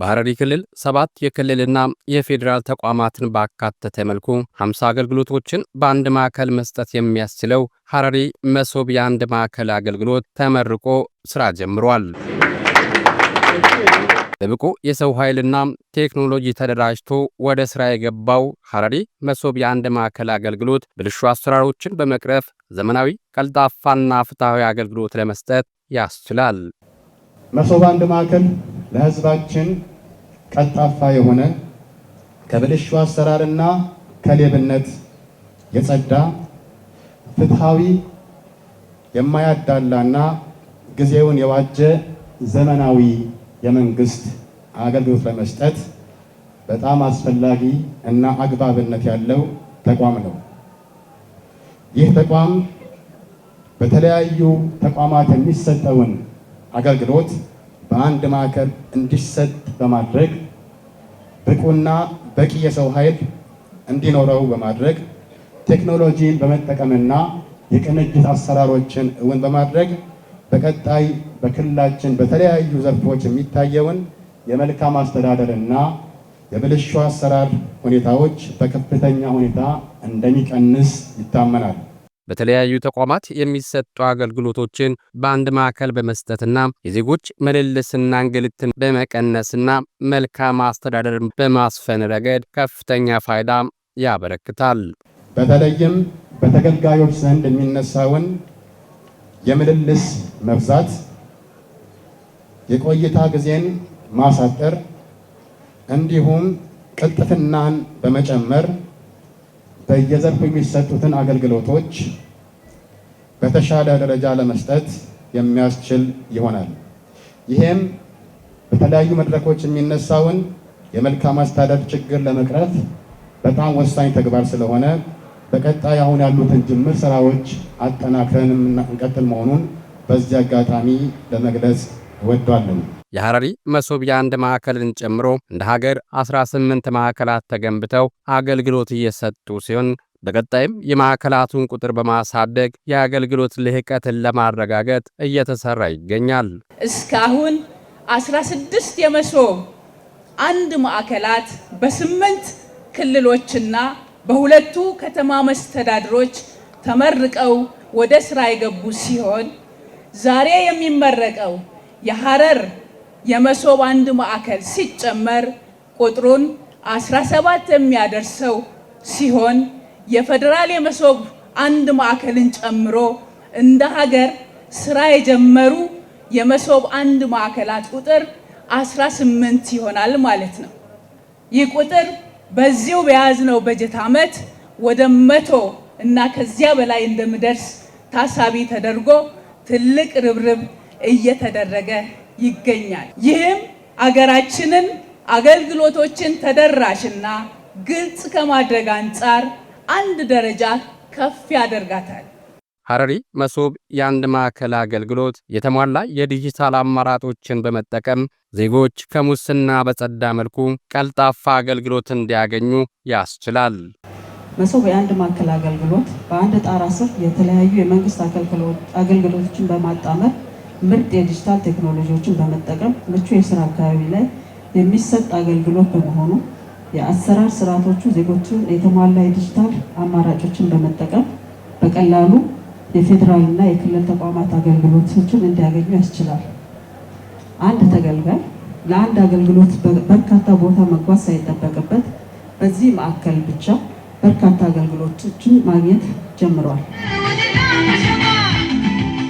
በሐረሪ ክልል ሰባት የክልልና የፌዴራል ተቋማትን ባካተተ መልኩ 50 አገልግሎቶችን በአንድ ማዕከል መስጠት የሚያስችለው ሐረሪ መሶብ የአንድ ማዕከል አገልግሎት ተመርቆ ስራ ጀምሯል። በብቁ የሰው ኃይልና ቴክኖሎጂ ተደራጅቶ ወደ ሥራ የገባው ሐረሪ መሶብ የአንድ ማዕከል አገልግሎት ብልሹ አሰራሮችን በመቅረፍ ዘመናዊ ቀልጣፋና ፍትሐዊ አገልግሎት ለመስጠት ያስችላል። መሶብ አንድ ማዕከል ለህዝባችን ቀልጣፋ የሆነ ከብልሹ አሰራርና ከሌብነት የጸዳ ፍትሐዊ የማያዳላና ጊዜውን የዋጀ ዘመናዊ የመንግስት አገልግሎት ለመስጠት በጣም አስፈላጊ እና አግባብነት ያለው ተቋም ነው። ይህ ተቋም በተለያዩ ተቋማት የሚሰጠውን አገልግሎት በአንድ ማዕከል እንዲሰጥ በማድረግ ብቁና በቂ የሰው ኃይል እንዲኖረው በማድረግ ቴክኖሎጂን በመጠቀምና የቅንጅት አሰራሮችን እውን በማድረግ በቀጣይ በክልላችን በተለያዩ ዘርፎች የሚታየውን የመልካም አስተዳደርና የብልሹ አሰራር ሁኔታዎች በከፍተኛ ሁኔታ እንደሚቀንስ ይታመናል። በተለያዩ ተቋማት የሚሰጡ አገልግሎቶችን በአንድ ማዕከል በመስጠትና የዜጎች ምልልስና እንግልትን በመቀነስና መልካም አስተዳደርን በማስፈን ረገድ ከፍተኛ ፋይዳ ያበረክታል። በተለይም በተገልጋዮች ዘንድ የሚነሳውን የምልልስ መብዛት፣ የቆይታ ጊዜን ማሳጠር እንዲሁም ቅልጥፍናን በመጨመር በየዘርፉ የሚሰጡትን አገልግሎቶች በተሻለ ደረጃ ለመስጠት የሚያስችል ይሆናል። ይህም በተለያዩ መድረኮች የሚነሳውን የመልካም አስተዳደር ችግር ለመቅረፍ በጣም ወሳኝ ተግባር ስለሆነ በቀጣይ አሁን ያሉትን ጅምር ስራዎች አጠናክረን እንቀጥል መሆኑን በዚህ አጋጣሚ ለመግለጽ ወጥቷል። የሐረሪ መሶብ የአንድ ማዕከልን ጨምሮ እንደ ሀገር 18 ማዕከላት ተገንብተው አገልግሎት እየሰጡ ሲሆን በቀጣይም የማዕከላቱን ቁጥር በማሳደግ የአገልግሎት ልህቀትን ለማረጋገጥ እየተሰራ ይገኛል። እስካሁን 16 የመሶብ አንድ ማዕከላት በስምንት ክልሎችና በሁለቱ ከተማ መስተዳድሮች ተመርቀው ወደ ስራ የገቡ ሲሆን ዛሬ የሚመረቀው የሐረር የመሶብ አንድ ማዕከል ሲጨመር ቁጥሩን 17 የሚያደርሰው ሲሆን የፌዴራል የመሶብ አንድ ማዕከልን ጨምሮ እንደ ሀገር ስራ የጀመሩ የመሶብ አንድ ማዕከላት ቁጥር 18 ይሆናል ማለት ነው። ይህ ቁጥር በዚሁ በያዝነው በጀት ዓመት ወደ መቶ እና ከዚያ በላይ እንደሚደርስ ታሳቢ ተደርጎ ትልቅ ርብርብ እየተደረገ ይገኛል። ይህም አገራችንን አገልግሎቶችን ተደራሽና ግልጽ ከማድረግ አንጻር አንድ ደረጃ ከፍ ያደርጋታል። ሐረሪ መሶብ የአንድ ማዕከል አገልግሎት የተሟላ የዲጂታል አማራጮችን በመጠቀም ዜጎች ከሙስና በጸዳ መልኩ ቀልጣፋ አገልግሎት እንዲያገኙ ያስችላል። መሶብ የአንድ ማዕከል አገልግሎት በአንድ ጣራ ስር የተለያዩ የመንግስት አገልግሎቶችን በማጣመር ምርጥ የዲጂታል ቴክኖሎጂዎችን በመጠቀም ምቹ የስራ አካባቢ ላይ የሚሰጥ አገልግሎት በመሆኑ የአሰራር ስርዓቶቹ ዜጎችን የተሟላ የዲጂታል አማራጮችን በመጠቀም በቀላሉ የፌዴራልና የክልል ተቋማት አገልግሎቶችን እንዲያገኙ ያስችላል። አንድ ተገልጋይ ለአንድ አገልግሎት በርካታ ቦታ መጓዝ ሳይጠበቅበት በዚህ ማዕከል ብቻ በርካታ አገልግሎቶችን ማግኘት ጀምሯል።